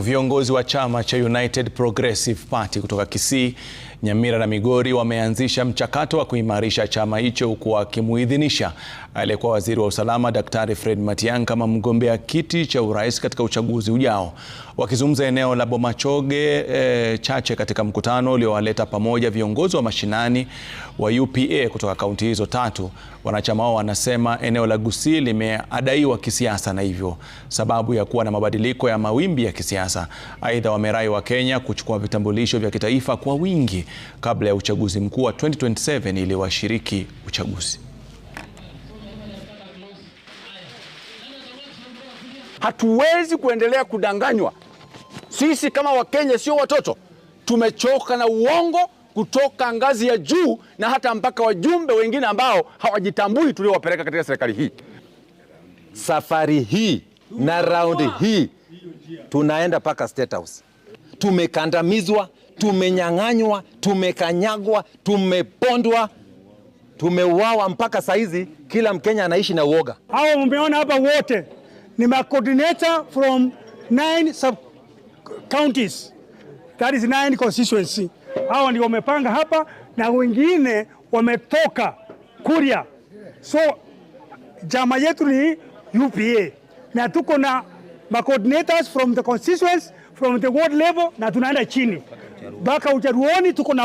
Viongozi wa chama cha United Progressive Party kutoka Kisii, Nyamira na Migori wameanzisha mchakato wa kuimarisha chama hicho huku wakimuidhinisha aliyekuwa waziri wa usalama Daktari Fred Matiang'i kama mgombea kiti cha urais katika uchaguzi ujao. Wakizungumza eneo la Bomachoge e, Chache katika mkutano uliowaleta pamoja viongozi wa mashinani wa UPA kutoka kaunti hizo tatu, wanachama wao wanasema eneo la Gusii limeadaiwa kisiasa na hivyo sababu ya kuwa na mabadiliko ya mawimbi ya kisiasa kisiasa. Aidha, wamerai wa Kenya kuchukua vitambulisho vya kitaifa kwa wingi kabla ya uchaguzi mkuu wa 2027 ili washiriki uchaguzi. Hatuwezi kuendelea kudanganywa. Sisi kama Wakenya sio watoto, tumechoka na uongo kutoka ngazi ya juu na hata mpaka wajumbe wengine ambao hawajitambui tuliowapeleka katika serikali hii. Safari hii na raundi hii tunaenda mpaka State House. Tumekandamizwa, tumenyang'anywa, tumekanyagwa, tumepondwa, tumeuawa. Mpaka saa hizi kila Mkenya anaishi na uoga. Hao mmeona hapa wote ni ma from nine sub counties, that is nine constituency. Hao ndio wamepanga hapa na wengine wametoka Kuria, so chama yetu ni UPA na tuko na coordinators from the constituents from the ward level na tunaenda chini mpaka ujaruoni tuko na